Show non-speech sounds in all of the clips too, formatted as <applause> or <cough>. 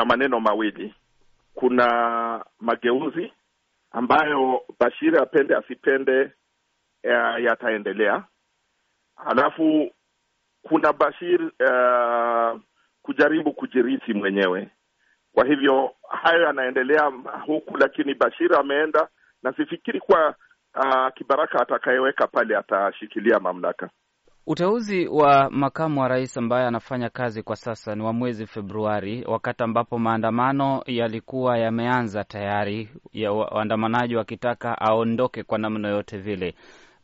kuna maneno mawili, kuna mageuzi ambayo Bashiri apende asipende eh, yataendelea, halafu kuna Bashir uh, kujaribu kujirisi mwenyewe. Kwa hivyo hayo yanaendelea huku, lakini Bashir ameenda na sifikiri kwa uh, ah, kibaraka atakayeweka pale atashikilia mamlaka. Uteuzi wa makamu wa rais ambaye anafanya kazi kwa sasa ni wa mwezi Februari, wakati ambapo maandamano yalikuwa yameanza tayari, ya waandamanaji wakitaka aondoke kwa namna yote vile.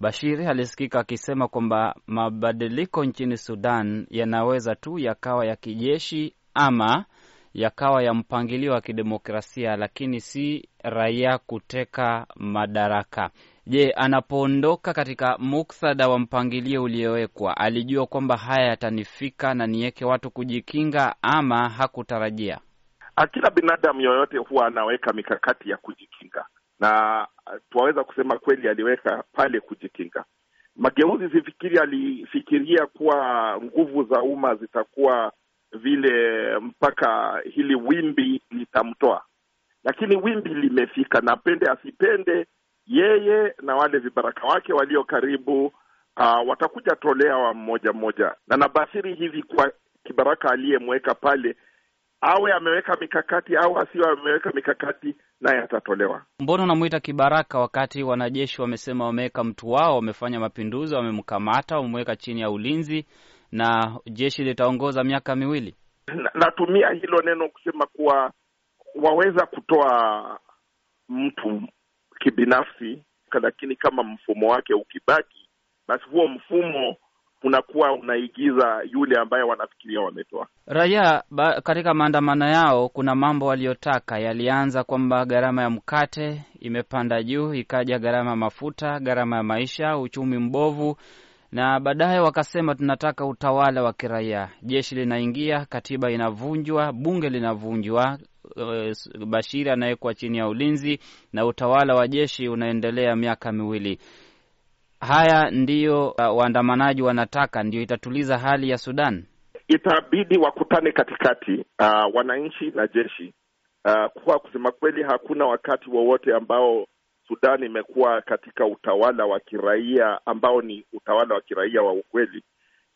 Bashir alisikika akisema kwamba mabadiliko nchini Sudan yanaweza tu yakawa ya kijeshi ama yakawa ya mpangilio wa kidemokrasia, lakini si raia kuteka madaraka. Je, anapoondoka katika muktadha wa mpangilio uliowekwa, alijua kwamba haya yatanifika na niweke watu kujikinga, ama hakutarajia? Ah, kila binadamu yoyote huwa anaweka mikakati ya kujikinga, na ah, twaweza kusema kweli aliweka pale kujikinga. Mageuzi sifikiri alifikiria kuwa nguvu za umma zitakuwa vile mpaka hili wimbi litamtoa, lakini wimbi limefika, na pende asipende yeye na wale vibaraka wake walio karibu uh, watakuja tolewa mmoja mmoja, na nabashiri hivi kwa kibaraka aliyemweka pale awe ameweka mikakati au asiwe ameweka mikakati, naye atatolewa. Mbona unamwita kibaraka wakati wanajeshi wamesema wameweka mtu wao, wamefanya mapinduzi, wamemkamata, wamemweka chini ya ulinzi na jeshi litaongoza miaka miwili? Na, natumia hilo neno kusema kuwa waweza kutoa mtu kibinafsi, lakini kama mfumo wake ukibaki, basi huo mfumo unakuwa unaigiza yule ambaye wanafikiria wametoa raia. Katika maandamano yao kuna mambo waliyotaka, yalianza kwamba gharama ya mkate imepanda juu, ikaja gharama ya mafuta, gharama ya maisha, uchumi mbovu, na baadaye wakasema tunataka utawala wa kiraia. Jeshi linaingia, katiba inavunjwa, bunge linavunjwa, Uh, uh, Bashir anawekwa chini ya ulinzi na utawala wa jeshi unaendelea miaka miwili. Haya ndiyo uh, waandamanaji wanataka, ndio itatuliza hali ya Sudan. Itabidi wakutane katikati, uh, wananchi na jeshi uh, kuwa kusema kweli, hakuna wakati wowote ambao Sudan imekuwa katika utawala wa kiraia ambao ni utawala wa kiraia wa ukweli.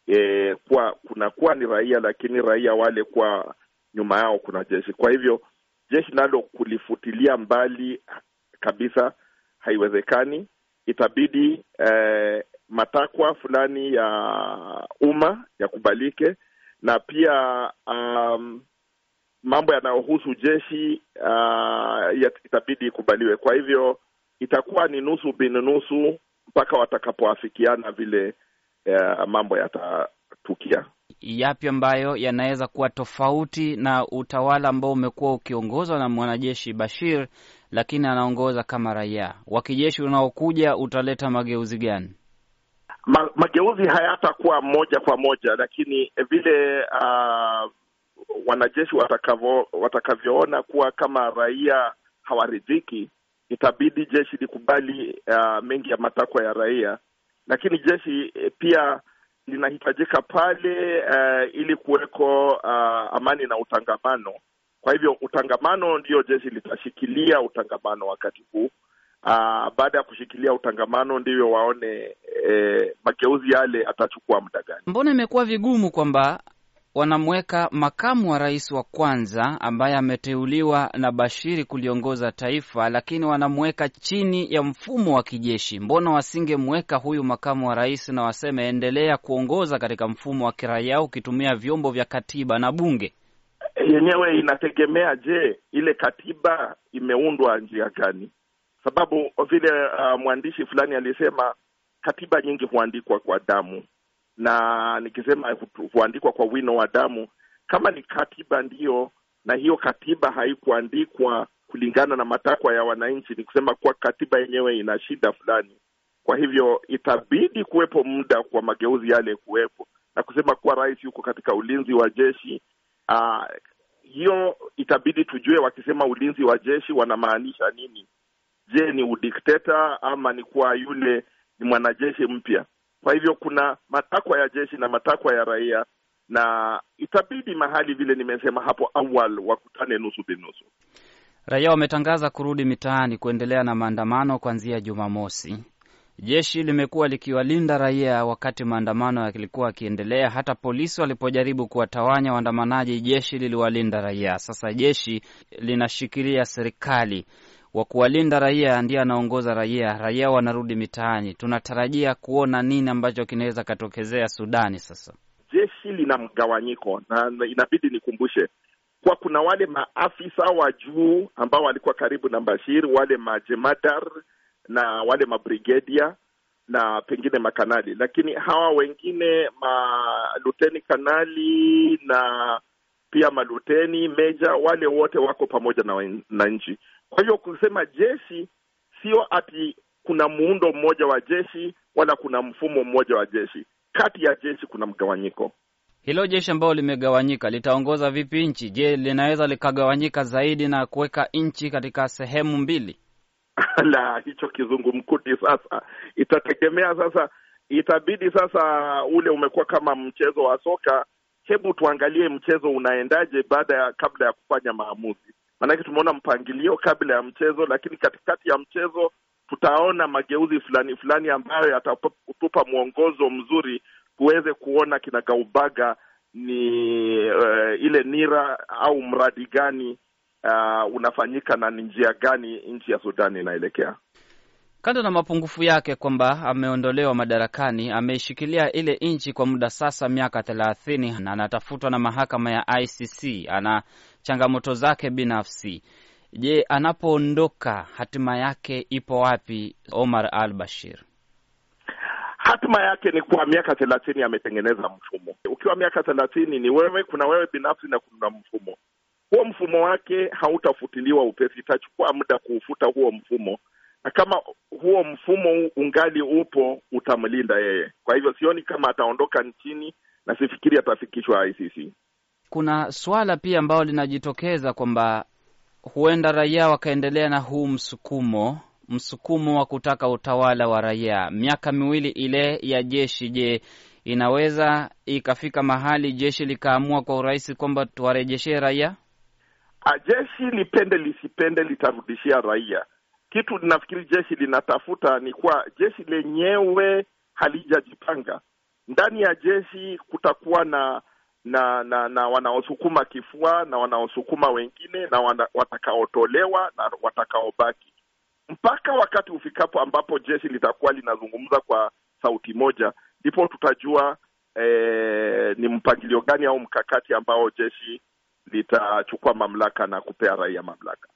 E, eh, kuwa kunakuwa ni raia, lakini raia wale kwa nyuma yao kuna jeshi. Kwa hivyo jeshi nalo kulifutilia mbali kabisa haiwezekani. Itabidi eh, matakwa fulani ya umma yakubalike na pia um, mambo yanayohusu jeshi uh, itabidi ikubaliwe. Kwa hivyo itakuwa ni nusu bin nusu mpaka watakapoafikiana vile uh, mambo yatatukia yapi ambayo yanaweza kuwa tofauti na utawala ambao umekuwa ukiongozwa na mwanajeshi Bashir, lakini anaongoza kama raia wa kijeshi unaokuja utaleta mageuzi gani? Ma, mageuzi hayatakuwa moja kwa moja, lakini vile uh, wanajeshi watakavyoona kuwa kama raia hawaridhiki, itabidi jeshi likubali uh, mengi ya matakwa ya raia, lakini jeshi eh, pia linahitajika pale uh, ili kuweko uh, amani na utangamano. Kwa hivyo utangamano ndiyo jeshi litashikilia utangamano wakati huu uh, baada ya kushikilia utangamano ndiyo waone eh, mageuzi yale atachukua muda gani. Mbona imekuwa vigumu kwamba wanamweka makamu wa rais wa kwanza ambaye ameteuliwa na Bashiri kuliongoza taifa, lakini wanamweka chini ya mfumo wa kijeshi. Mbona wasingemweka huyu makamu wa rais na waseme endelea kuongoza katika mfumo wa kiraia ukitumia vyombo vya katiba na bunge? Yenyewe inategemea, je, ile katiba imeundwa njia gani? Sababu vile uh, mwandishi fulani alisema katiba nyingi huandikwa kwa damu na nikisema huandikwa kwa wino wa damu, kama ni katiba ndio na hiyo katiba haikuandikwa kulingana na matakwa ya wananchi, ni kusema kuwa katiba yenyewe ina shida fulani. Kwa hivyo itabidi kuwepo muda kwa mageuzi yale kuwepo, na kusema kuwa rais yuko katika ulinzi wa jeshi uh, hiyo itabidi tujue, wakisema ulinzi wa jeshi wanamaanisha nini? Je, ni udikteta ama ni kuwa yule ni mwanajeshi mpya? Kwa hivyo kuna matakwa ya jeshi na matakwa ya raia, na itabidi mahali, vile nimesema hapo awali, wakutane nusu binusu. Raia wametangaza kurudi mitaani kuendelea na maandamano kuanzia Jumamosi. Jeshi limekuwa likiwalinda raia wakati maandamano yalikuwa yakiendelea. Hata polisi walipojaribu kuwatawanya waandamanaji, jeshi liliwalinda raia. Sasa jeshi linashikilia serikali wa kuwalinda raia ndiye anaongoza raia, raia wanarudi mitaani. Tunatarajia kuona nini ambacho kinaweza katokezea Sudani sasa? Jeshi lina mgawanyiko na inabidi nikumbushe kuwa kuna wale maafisa wa juu ambao walikuwa karibu na Bashir, wale majemadar na wale mabrigedia na pengine makanali, lakini hawa wengine maluteni kanali na pia maluteni, meja, wale wote wako pamoja na na nchi Kwa hiyo kusema jeshi sio ati kuna muundo mmoja wa jeshi wala kuna mfumo mmoja wa jeshi. Kati ya jeshi kuna mgawanyiko. Hilo jeshi ambalo limegawanyika litaongoza vipi nchi? Je, linaweza likagawanyika zaidi na kuweka nchi katika sehemu mbili? <laughs> La, hicho kizungumkuti sasa. Itategemea sasa, itabidi sasa, ule umekuwa kama mchezo wa soka hebu tuangalie mchezo unaendaje baada ya kabla ya kufanya maamuzi. Maanake tumeona mpangilio kabla ya mchezo, lakini katikati ya mchezo tutaona mageuzi fulani fulani ambayo yatatupa mwongozo mzuri tuweze kuona kinagaubaga ni uh, ile nira au mradi gani uh, unafanyika na ni njia gani nchi ya Sudani inaelekea kando na mapungufu yake kwamba ameondolewa madarakani, ameishikilia ile nchi kwa muda sasa miaka thelathini na anatafutwa na mahakama ya ICC. Ana changamoto zake binafsi. Je, anapoondoka hatima yake ipo wapi? Omar al Bashir hatima yake ni kuwa miaka thelathini ametengeneza mfumo. Ukiwa miaka thelathini ni wewe, kuna wewe binafsi na kuna mfumo huo. Mfumo wake hautafutiliwa upesi, itachukua muda kuufuta huo mfumo, na kama huo mfumo ungali upo utamlinda yeye. Kwa hivyo sioni kama ataondoka nchini na sifikiri atafikishwa ICC. Kuna swala pia ambalo linajitokeza kwamba huenda raia wakaendelea na huu msukumo msukumo wa kutaka utawala wa raia. Miaka miwili ile ya jeshi, je, inaweza ikafika mahali jeshi likaamua kwa urahisi kwamba tuwarejeshee raia? Jeshi lipende lisipende litarudishia raia kitu linafikiri jeshi linatafuta ni kuwa jeshi lenyewe halijajipanga. Ndani ya jeshi kutakuwa na na na, na wanaosukuma kifua na wanaosukuma wengine na wana, watakaotolewa na watakaobaki mpaka wakati ufikapo ambapo jeshi litakuwa linazungumza kwa sauti moja, ndipo tutajua eh, ni mpangilio gani au mkakati ambao jeshi litachukua mamlaka na kupea raia mamlaka.